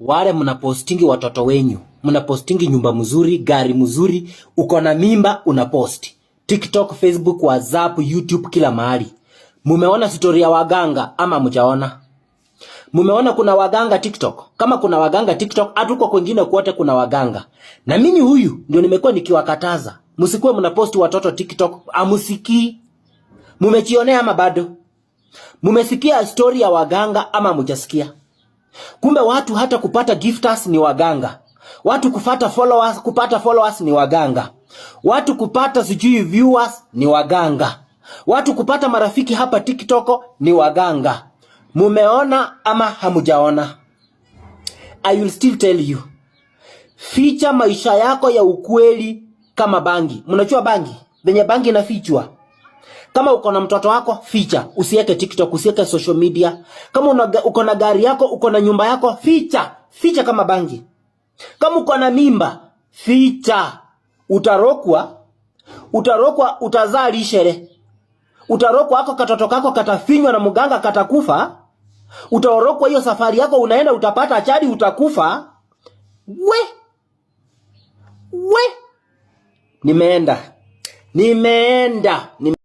wale mnapostingi watoto wenyu, mnapostingi nyumba mzuri, gari mzuri, uko na mimba unaposti TikTok, Facebook, WhatsApp, YouTube, kila mahali. Mumeona story ya waganga ama mjaona? Mumeona kuna waganga TikTok? Kama kuna waganga TikTok, hatuko kwingine kuote kuna waganga. Na mimi huyu ndio nimekuwa nikiwakataza, msikuwe mnaposti watoto TikTok. Amusikii? Mumechionea ama bado? Mumesikia story ya waganga ama mjasikia? Kumbe watu hata kupata gifters ni waganga. Watu kufata followers, kupata followers ni waganga. Watu kupata sijui viewers ni waganga. Watu kupata marafiki hapa TikTok ni waganga. Mumeona ama hamujaona? I will still tell you. Ficha maisha yako ya ukweli kama bangi. mnachua bangi? Venye bangi inafichwa. Kama uko na mtoto wako ficha, usiweke TikTok, usiweke social media. Kama uko na gari yako, uko na nyumba yako, ficha, ficha kama bangi. Kama uko na mimba, ficha. Utarokwa, utarokwa, utazaa lishere. Utarokwa ako katoto kako katafinywa na mganga, katakufa. Utaorokwa hiyo safari yako, unaenda utapata ajali, utakufa. We we, nimeenda nimeenda nime